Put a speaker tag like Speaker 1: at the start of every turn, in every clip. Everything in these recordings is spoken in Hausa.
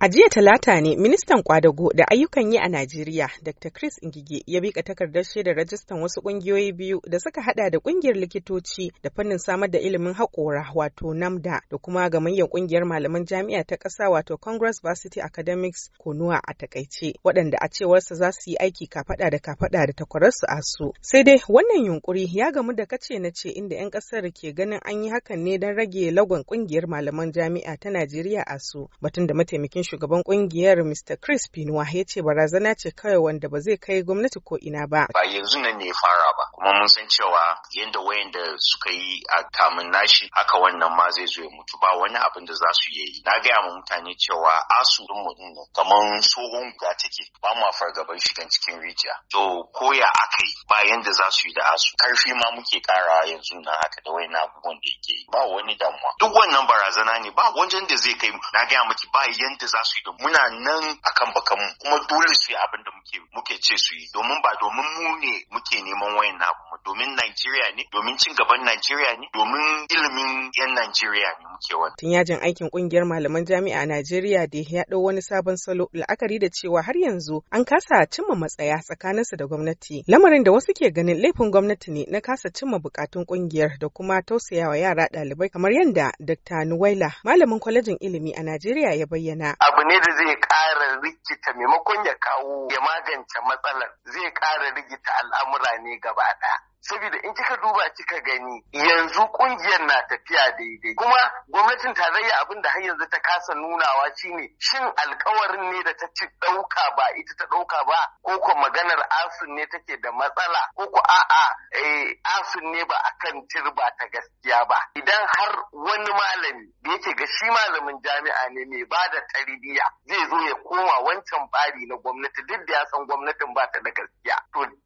Speaker 1: A jiya talata ne ministan kwadago da ayyukan yi a Najeriya Dr. Chris Ngige ya bika takardar shaidar rajistan wasu kungiyoyi biyu da suka hada da kungiyar likitoci da fannin samar da ilimin haƙora wato NAMDA da kuma ga gamayyar kungiyar malaman jami'a ta ƙasa wato Congress Varsity Academics Konuwa a takaice waɗanda a cewarsa za su yi aiki kafaɗa da kafaɗa da takwararsu a su. Sai dai wannan yunkuri ya gamu da kace na ce inda 'yan ƙasar ke ganin an yi hakan ne don rage lagon kungiyar malaman jami'a ta Najeriya a su batun da mataimakin shugaban kungiyar Mr. Chris Pinwa ya ce barazana ce kawai wanda ba zai kai gwamnati ko ina ba. Ba yanzu
Speaker 2: nan ne ya fara ba, kuma mun san cewa yadda wayanda suka yi a kamun nashi haka wannan ma zai zo ya mutu ba wani abin da za su yi. Na gaya ma mutane cewa asu din mu din kamar tsohon guda take ba ma fargaban shigan cikin rijiya. To koya aka yi ba yanda za su yi da asu. Karfi ma muke kara yanzu na haka da wayan abubuwan da yake ba wani damuwa. Duk wannan barazana ne ba wajen da zai kai na gaya miki ba yadda za za su yi da muna nan akan mu kuma dole su yi abin da muke ce su yi domin ba domin mu ne muke neman wayan abu domin Najeriya ne domin cin gaban Najeriya ne domin ilimin 'yan Najeriya ne muke wani.
Speaker 1: Tun yajin aikin kungiyar malaman jami'a a Najeriya da ya ɗau wani sabon salo la'akari da cewa har yanzu an kasa cimma matsaya tsakaninsu da gwamnati. Lamarin da wasu ke ganin laifin gwamnati ne na kasa cimma bukatun kungiyar da kuma tausayawa yara ɗalibai kamar yadda Dr. Nuwaila malamin kwalejin ilimi a Najeriya ya bayyana. Abu
Speaker 3: ne da zai ƙara rikita maimakon ya kawo ya magance matsalar zai ƙara rikita al'amura ne gaba ɗaya. saboda in kika duba kika gani yanzu kungiyar na tafiya daidai kuma gwamnatin tarayya abin da har yanzu ta kasa nunawa shine shin alkawarin ne da ta ci dauka ba ita ta dauka ba ko ko maganar asun ne take da matsala ko ko a'a eh, asun ne ba akan tirba ta gaskiya ba idan har wani malami da yake ga shi malamin jami'a ne mai ba da tarbiyya zai zo ya koma wancan bari na gwamnati duk da ya san gwamnatin ba ta da gaskiya to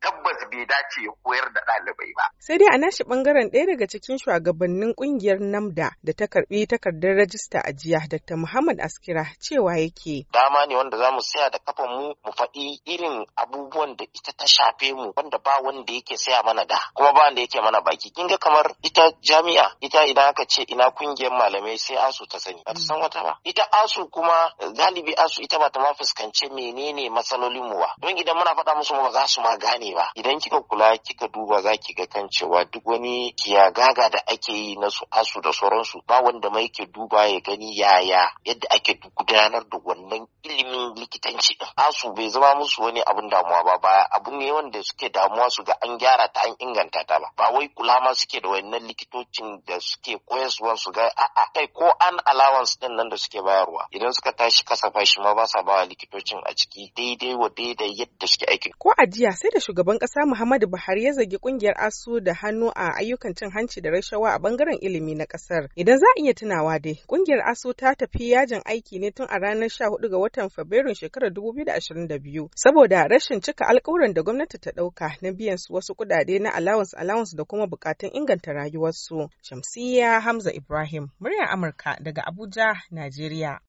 Speaker 1: bai dace ya koyar da ɗalibai ba. Sai dai a nashi ɓangaren ɗaya daga cikin shugabannin ƙungiyar NAMDA da ta karɓi takardar rajista a jiya Dr. Muhammad Askira cewa yake.
Speaker 4: Dama ne wanda za mu saya da kafa mu mu faɗi irin abubuwan da ita ta shafe mu wanda ba wanda yake saya mana da kuma ba wanda yake mana baki. Kin ga kamar ita jami'a ita idan aka ce ina ƙungiyar malamai sai asu ta sani ba ta san wata ba. Ita asu kuma galibi asu ita ba ta ma fuskance menene matsalolin mu ba. Don idan muna faɗa musu ba za su ma gane ba. Idan ki kika kula kika duba za ki ga kan cewa duk wani kiya gaga da ake yi na su asu da sauransu ba wanda mai ke duba ya gani yaya yadda ake gudanar da wannan ilimin likitanci din asu bai zama musu wani abun damuwa ba baya. abu ne wanda suke damuwa su ga an gyara ta an inganta ta ba ba wai kulama suke da wayannan likitocin da suke koyarwa su ga a'a kai ko an allowance din nan da suke bayarwa idan suka tashi kasafa shi ma ba sa ba likitocin a ciki daidai wa daidai yadda suke aiki
Speaker 1: ko a jiya sai da shugaban kasa Muhammadu Buhari ya zagi kungiyar ASU da hannu a ayyukan cin hanci da rashawa a bangaren ilimi na kasar idan za a iya tunawa dai kungiyar ASU ta tafi yajin aiki ne tun a ranar 14 ga watan Fabrairun shekarar 2022 saboda rashin cika alkawuran da gwamnati ta ɗauka na biyan su wasu kuɗaɗe na allowance allowance da kuma bukatun inganta rayuwarsu. Shamsiyya Hamza Ibrahim, muryar Amurka daga Abuja, Najeriya.